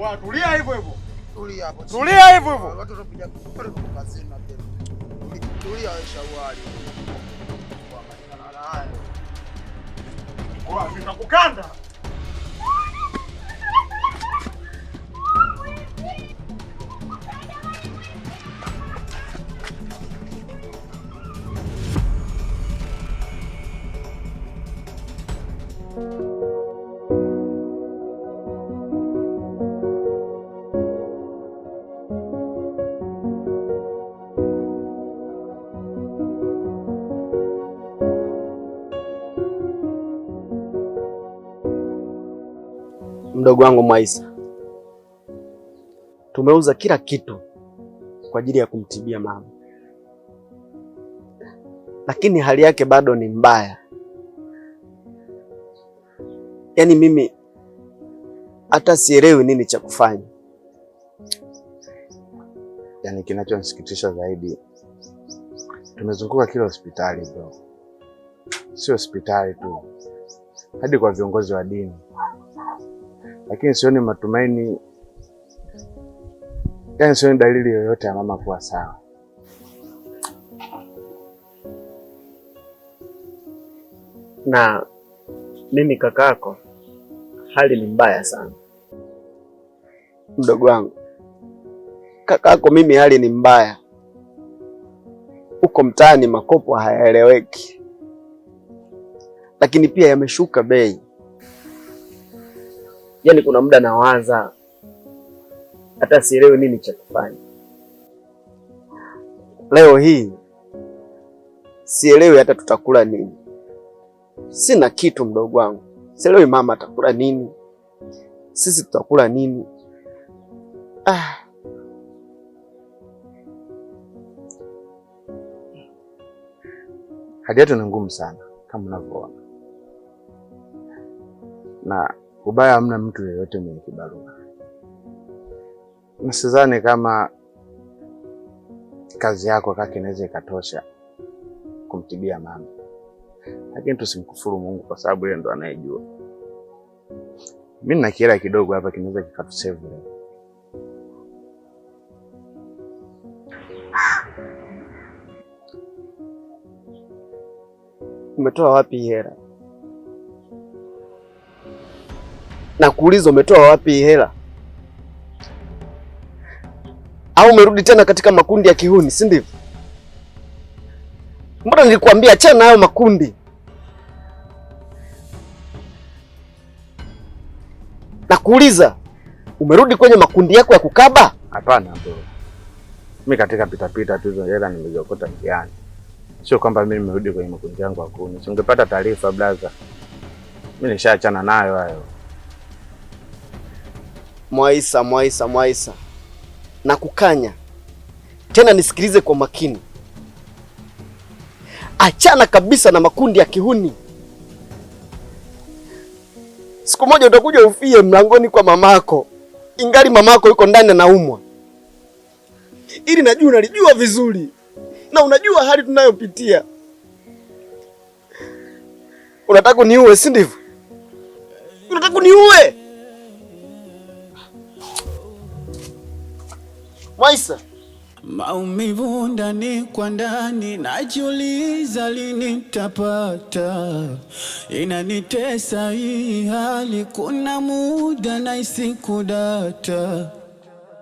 Tulia hivyo hivyo. Tulia hapo. Tulia hivyo hivyo. Watu wanapiga kazi na pesa. Tulia wewe shawari. Kwa maana haya. Kwa nitakukanda. mdogo wangu Mwaisa, tumeuza kila kitu kwa ajili ya kumtibia mama, lakini hali yake bado ni mbaya. Yaani mimi hata sielewi nini cha kufanya. Yaani kinachonisikitisha zaidi, tumezunguka kila hospitali bro, sio hospitali tu, hadi kwa viongozi wa dini lakini sioni matumaini, yaani sioni dalili yoyote ya mama kuwa sawa. Na mimi kakako, hali ni mbaya sana mdogo wangu. Kakako mimi hali ni mbaya huko mtaani, makopo hayaeleweki, lakini pia yameshuka bei Yaani kuna muda nawaza hata sielewi nini cha kufanya. Leo hii sielewi hata tutakula nini. Sina kitu, mdogo wangu. Sielewi mama atakula nini, sisi tutakula nini. Ah, hali yetu ni ngumu sana kama unavyoona na ubaya hamna mtu yeyote mwenye kibarua. Msidhani kama kazi yako kaka inaweza ikatosha kumtibia mama, lakini tusimkufuru Mungu kwa sababu yeye ndo anayejua. Mimi na kiela kidogo hapa kinaweza kikatusave. Umetoa wapi hela? na kuuliza umetoa wapi hela, au umerudi tena katika makundi ya kihuni, si ndivyo? Mbona nilikuambia achana na hayo makundi. Nakuuliza, umerudi kwenye makundi yako ya kukaba? Hapana bro, mimi katika pitapita tu hizo hela nimeziokota njiani, sio kwamba mimi nimerudi kwenye makundi yangu ya kuni. Si ungepata taarifa blaza, mimi nishaachana nayo hayo. Mwaisa, Mwaisa, Mwaisa, na kukanya tena, nisikilize kwa makini. Achana kabisa na makundi ya kihuni. Siku moja utakuja ufie mlangoni kwa mamako, ingali mamako yuko ndani anaumwa. Ili najua unalijua vizuri na unajua hali tunayopitia. Unataka niue, si ndivyo? Unataka niue? Mwaisa, maumivu ndani kwa ndani, najiuliza lini nitapata, inanitesa hii hali, kuna muda nahisi kudata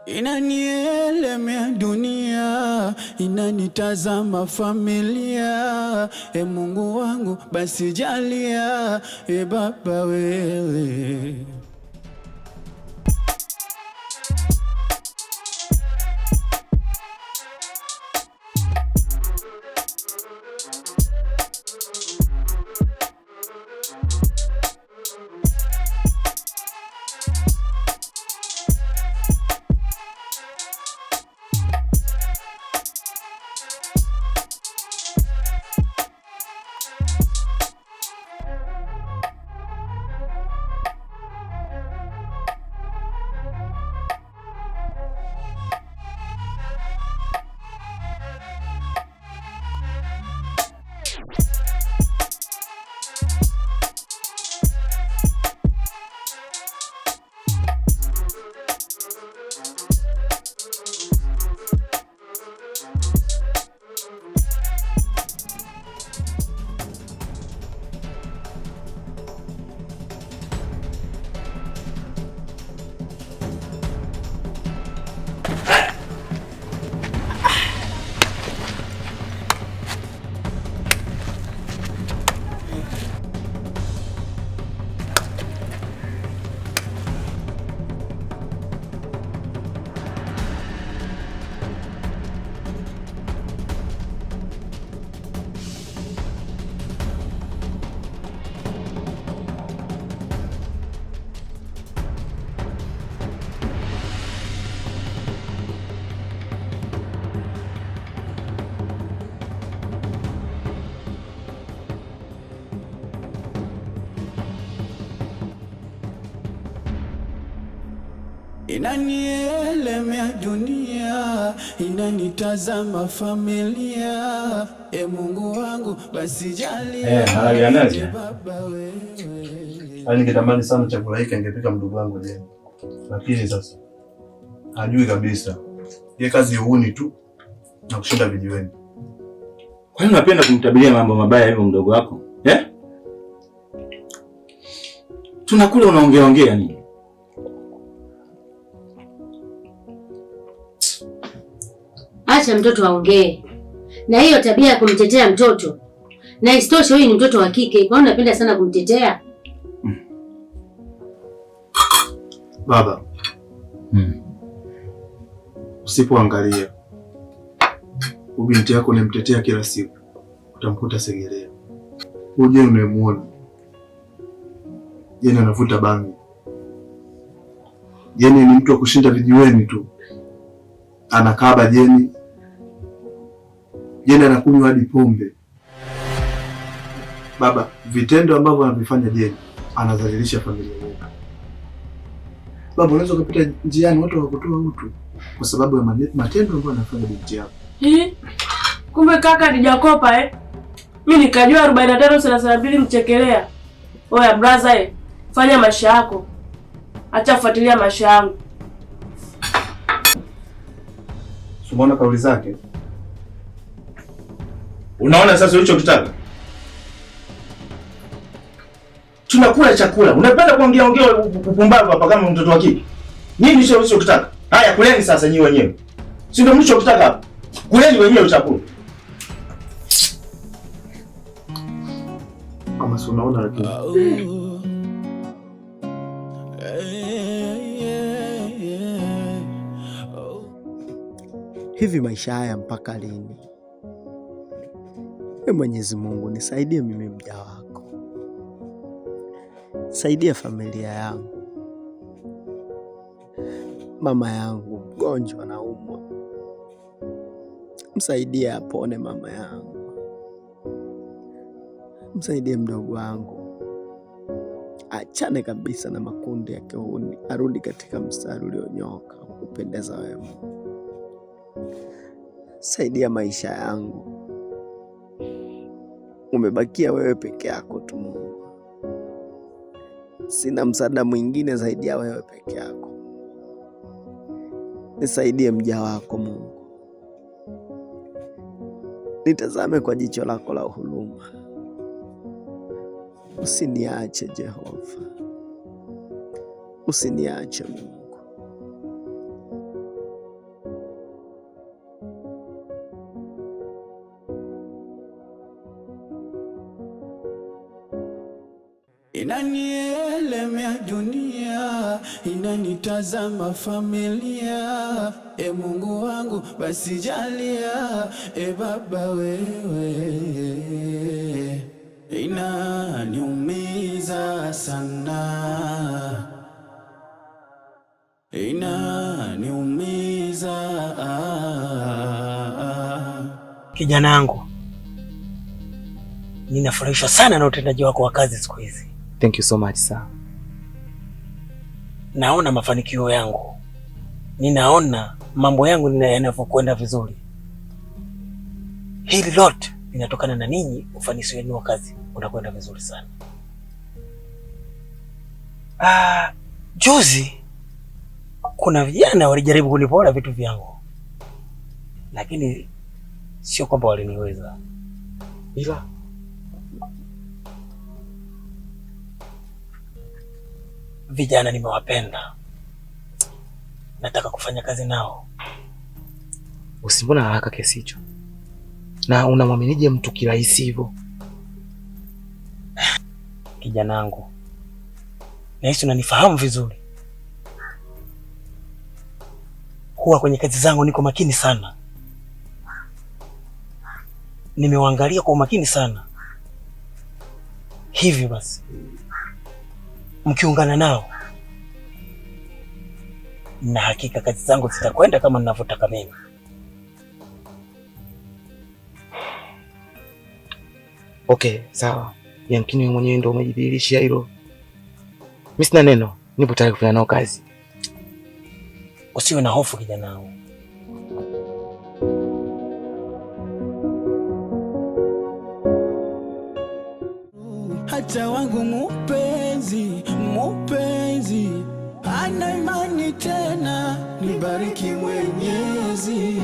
inanielemea dunia, inanitazama familia. E Mungu wangu, basi jalia, e Baba wewe Inanielemea dunia, inanitazama familia. E Mungu wangu, basi jalia eh, baba wewe. Yaani ningetamani sana chakula hiki angepika mdogo wangu leo. lakini sasa hajui kabisa, ye kazi huni tu na kushinda vijiweni. Kwa nini unapenda kumtabiria mambo mabaya hivyo mdogo wako eh? Tunakula unaongeaongea nini? acha mtoto aongee, na hiyo tabia ya kumtetea mtoto, na isitoshe huyu ni mtoto wa kike, kwa nini unapenda sana kumtetea baba? Hmm. Usipoangalia ubinti yako unamtetea kila siku, utamkuta segelea. Uje unayemuona jeni anavuta bangi, jeni ni mtu wa kushinda vijiweni tu, anakaba jeni jeni anakunywa hadi pombe. Baba, vitendo ambavyo anavifanya Jeni anadhalilisha familia yetu. Baba, unaweza ukapita njiani watu wakutoa utu kwa sababu ya matendo ambayo anafanya binti yako. Eh? Kumbe kaka nijakopa eh? Mi nikajua arobaini na tano thelathini na mbili mchekelea. Oya braza eh, fanya maisha yako, acha kufuatilia maisha yangu. Umeona kauli zake? Unaona sasa ulichokitaka? Tunakula chakula. Unapenda kuongea ongea upumbavu hapa kama mtoto wa kike. Nini sio ulichokitaka? Haya kuleni sasa nyinyi wenyewe. Si ndio mlichokitaka hapa? Kuleni wenyewe chakula. Kama si unaona lakini. Hivi maisha haya mpaka lini? E Mwenyezi Mungu, nisaidie mimi mja wako, saidia familia yangu, mama yangu mgonjwa na umwa, msaidie apone mama yangu, msaidie mdogo wangu achane kabisa na makundi ya kihuni, arudi katika mstari ulionyoka kupendeza wewe. Saidia maisha yangu umebakia wewe peke yako tu Mungu, sina msaada mwingine zaidi ya wewe peke yako. Nisaidie mja wako Mungu, nitazame kwa jicho lako la huruma, usiniache Jehova, usiniache Mungu. inanielemea dunia, inanitazama familia. E Mungu wangu basi jalia, e Baba wewe, inaniumiza sana, inaniumiza kijana wangu, ninafurahishwa sana na utendaji wako wa kazi siku hizi. Thank you so much sir. Naona mafanikio yangu, ninaona mambo yangu yanavyokwenda vizuri. Hili lote linatokana na ninyi, ufanisi wenu wa kazi unakwenda vizuri sana. Ah, juzi kuna vijana walijaribu kunipora vitu vyangu, lakini sio kwamba waliniweza, ila Vijana nimewapenda, nataka kufanya kazi nao. Usimbona haraka kiasi hicho? Na unamwaminije mtu kirahisi hivyo? Kijana wangu, nahisi unanifahamu vizuri. Huwa kwenye kazi zangu niko makini sana, nimewaangalia kwa umakini sana. Hivi basi mkiungana nao, na hakika kazi zangu zitakwenda kama ninavyotaka mimi. Okay, sawa. Yamkini wewe mwenyewe ndio umejidhihirishia hilo. Mimi sina neno, nipo tayari kufanya nao kazi. Usiwe na hofu kijana wangu. Hata wangu mupenzi mupenzi ana imani tena, nibariki Mwenyezi.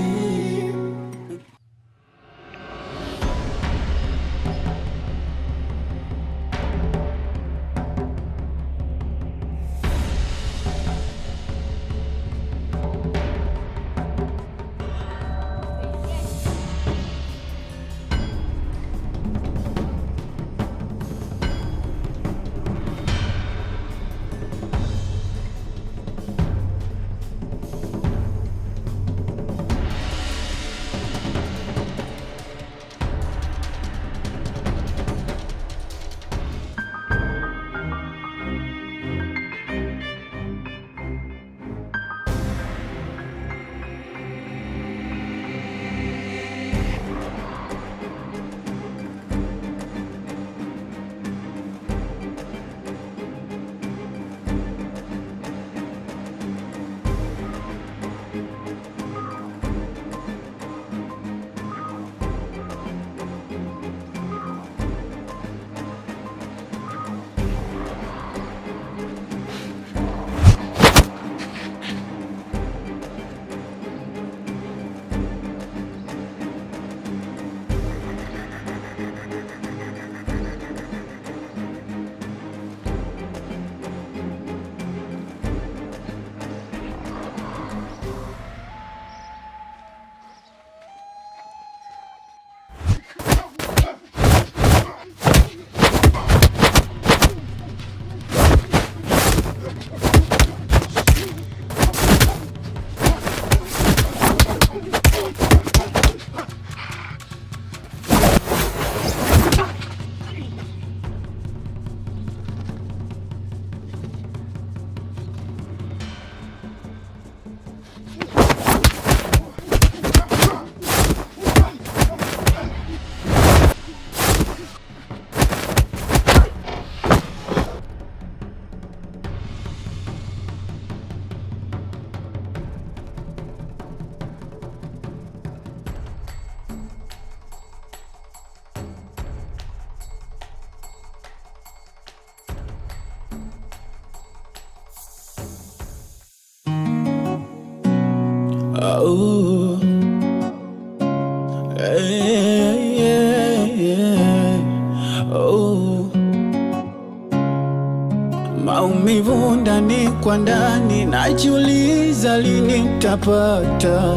Maumivu ndani kwa ndani, najiuliza lini tapata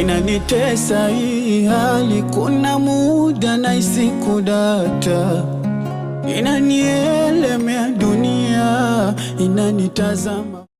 inanitesa hii hali, kuna muda na isiku kudata, inanielemea dunia inanitazama